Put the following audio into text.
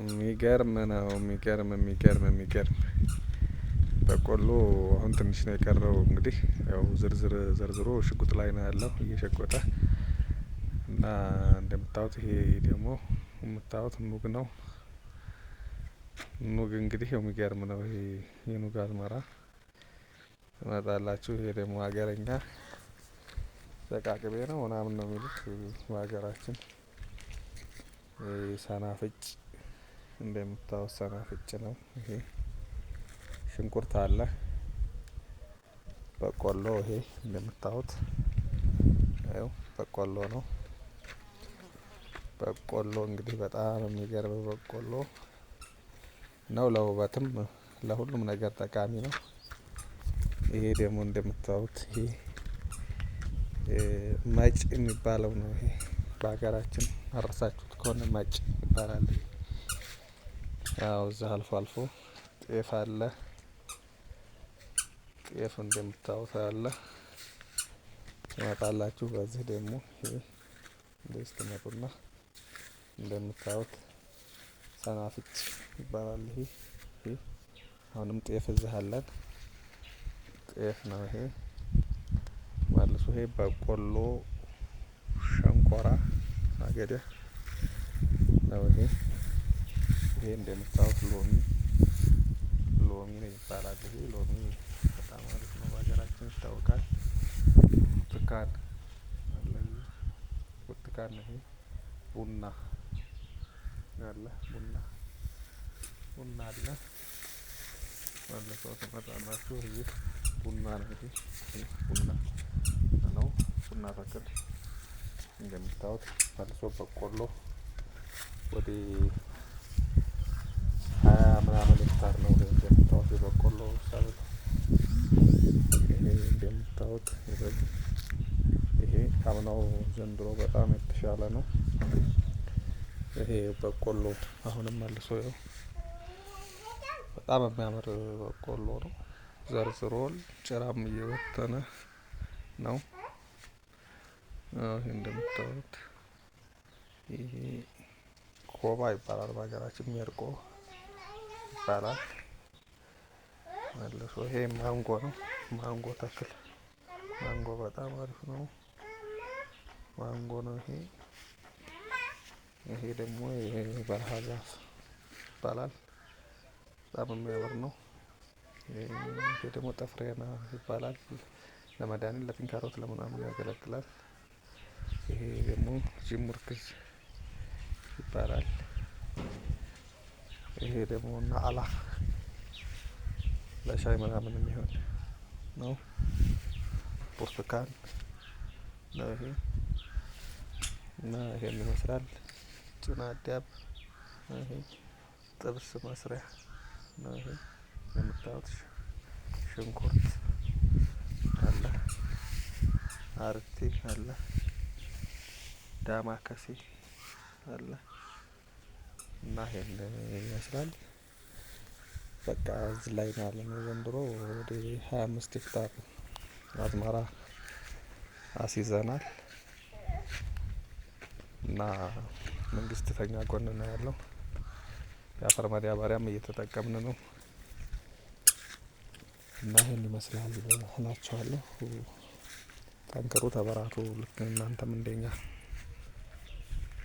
የሚገርም ነው። የሚገርም የሚገርም የሚገርም በቆሎ አሁን ትንሽ ነው የቀረው። እንግዲህ ያው ዝርዝር ዘርዝሮ ሽጉጥ ላይ ነው ያለው እየሸጎጠ እና እንደምታዩት ይሄ ደግሞ የምታዩት ኑግ ነው። ኑግ እንግዲህ የሚገርም ነው። ይሄ የኑግ አዝመራ ትመጣላችሁ። ይሄ ደግሞ ሀገረኛ ዘቃቅቤ ነው ምናምን ነው የሚሉት በሀገራችን ሰናፍጭ እንደምታው ሰናፍጭ ነው ይሄ። ሽንኩርት አለ፣ በቆሎ ይሄ እንደምታውት ያው በቆሎ ነው። በቆሎ እንግዲህ በጣም የሚገርም በቆሎ ነው። ለውበትም ለሁሉም ነገር ጠቃሚ ነው። ይሄ ደግሞ እንደምታዩት ይሄ መጭ የሚባለው ነው። ይሄ በሀገራችን አረሳችሁት ከሆነ መጭ ይባላል። ያው እዚህ አልፎ አልፎ ጤፍ አለ። ጤፍ እንደምታዩት አለ ትመጣላችሁ። በዚህ ደግሞ እንደዚህ ትመጡና እንደምታዩት ሰናፍጭ ይባላል። ይሄ ይሄ አሁንም ጤፍ እዚህ አለን። ጤፍ ነው ይሄ መልሱ። ይሄ በቆሎ ሸንኮራ አገዳ ነው ይሄ ይሄ እንደምታዩት ሎሚ ሎሚ ነው ይባላል። ይሄ ሎሚ በጣም አሪፍ ነው፣ በሀገራችን ይታወቃል። ብርቱካን አለ፣ ብርቱካን ነው። ይሄ ቡና አለ፣ ቡና ቡና አለ። ባለፈው ተመጣላችሁ። ይህ ቡና ነው። ይሄ ቡና ነው፣ ቡና ተክል እንደምታዩት። መልሶ በቆሎ ወደ ምናምን ሄክታር ነው እንደምታወት የበቆሎ ሰብል ይሄ እንደምታወት ይሄ አምናው ዘንድሮ በጣም የተሻለ ነው። ይሄ በቆሎ አሁንም መልሶ ያው በጣም የሚያምር በቆሎ ነው። ዘርዝሮል ጭራም እየበተነ ነው። ይህ እንደምታዩት ይሄ ኮባ ይባላል በሀገራችን ሚርቆ ይባላል። መልሶ ይሄ ማንጎ ነው። ማንጎ ተክል ማንጎ በጣም አሪፍ ነው። ማንጎ ነው ይሄ። ይሄ ደግሞ የበረሃ ዛፍ ይባላል። በጣም የሚያምር ነው። ይሄ ደግሞ ጠፍሬና ይባላል። ለመድኃኒት ለቲንካሮት ለምናምን ያገለግላል። ይሄ ደግሞ ጅሙርክዝ ይባላል። ይሄ ደግሞ ናአላ ለሻይ ምናምን የሚሆን ነው። ብርቱካን ነው ይሄ እና ይሄን ይመስላል። ጭናዳብ ነው ይሄ ጥብስ መስሪያ ነው ይሄ የምታዩት። ሽንኩርት አለ፣ አርቲ አለ፣ ዳማከሴ አለ። እና ይመስላል። በቃ እዚ ላይ ነው ነው። ዘንድሮ ወደ ሀያ አምስት ሄክታር አዝመራ አስይዘናል እና መንግስት ተኛ ጎን ነው ያለው። የአፈር ማዳበሪያም እየተጠቀምን ነው እና ይህን ይመስላል እላችኋለሁ። ጠንክሩ፣ ተበራቱ። ልክ እናንተም እንደኛ